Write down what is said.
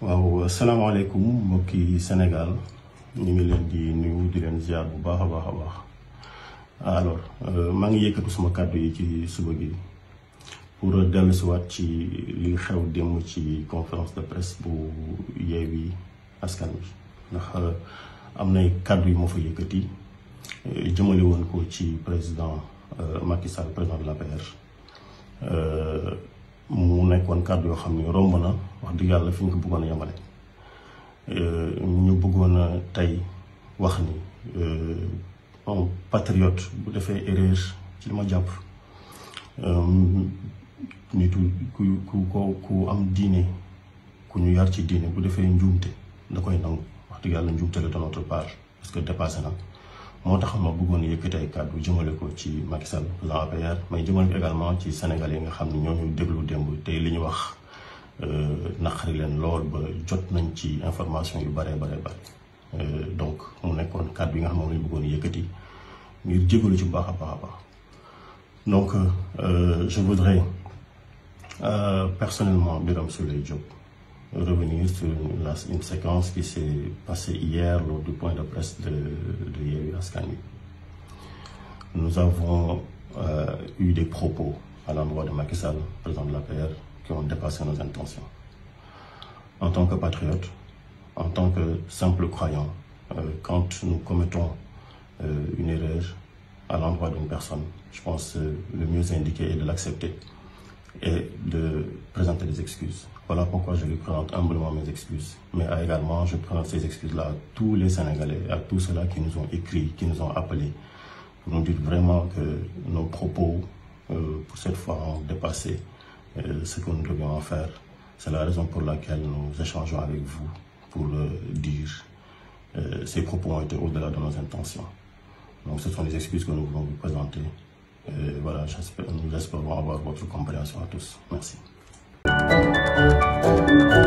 waaw asalaamaaleykum mbokki Sénégal ñu ngi leen di nuyu di leen ziar bu baax a baax a baax alors euh, maa ngi yëkkatu suma kàddu yi ci suba bi pour dellusiwaat ci li xew démb ci conférence de presse bu Yewwi Askan bi ndax euh, am nay kàddu yu ma fa yëkkati euh, jëmale woon ko ci président Macky Sall président de l'APR mu nekkoon kàddu yoo xam ne romb na wax dëgg yàlla fi ñu ko bëggoon a yemale euh, ñu bëggoon a tey wax ni euh, un patriote bu defee erreur ci li ma jàpp euh, nitu ku ku ko ku am diine ku ñu yar ci diine bu defee njuumte da koy nangu wax dëgg yàlla njuumte la de notre part parce que dépassé na moo tax ma bëggoon yëkkati ay kaddu jëmale ko ci Macky Sall président APR mais jëmale ko également ci Sénégalais yi nga xam ne ñoo ñu déglu démb te li ñu wax euh, naqari leen lool ba jot nañ ci information yu bare bare bare euh, donc mu nekkoon kàddu yi nga xam moom lañu bëggoon yëkkati ngir jégalu ci bu baax a baax a baax donc euh, je voudrais euh, personnellement biram Souleye Diop revenir sur la une séquence qui s'est passée hier lors du point de presse de nous avons euh, eu des propos à l'endroit de Macky Sall, président de la PR, qui ont dépassé nos intentions. En tant que patriote, en tant que simple croyant, euh, quand nous commettons euh, une erreur à l'endroit d'une personne, je pense que le mieux indiqué est de l'accepter et de présenter des excuses. Voilà pourquoi je lui présente humblement mes excuses. Mais également, je présente ces excuses-là à tous les Sénégalais, à tous ceux-là qui nous ont écrit, qui nous ont appelés, pour nous dire vraiment que nos propos, euh, pour cette fois, ont dépassé euh, ce que nous devions en faire. C'est la raison pour laquelle nous échangeons avec vous pour dire dire euh, ces propos ont été au-delà de nos intentions. Donc ce sont les excuses que nous voulons vous présenter. Et euh, voilà, j'espère, j'espère avoir votre compréhension à tous. Merci.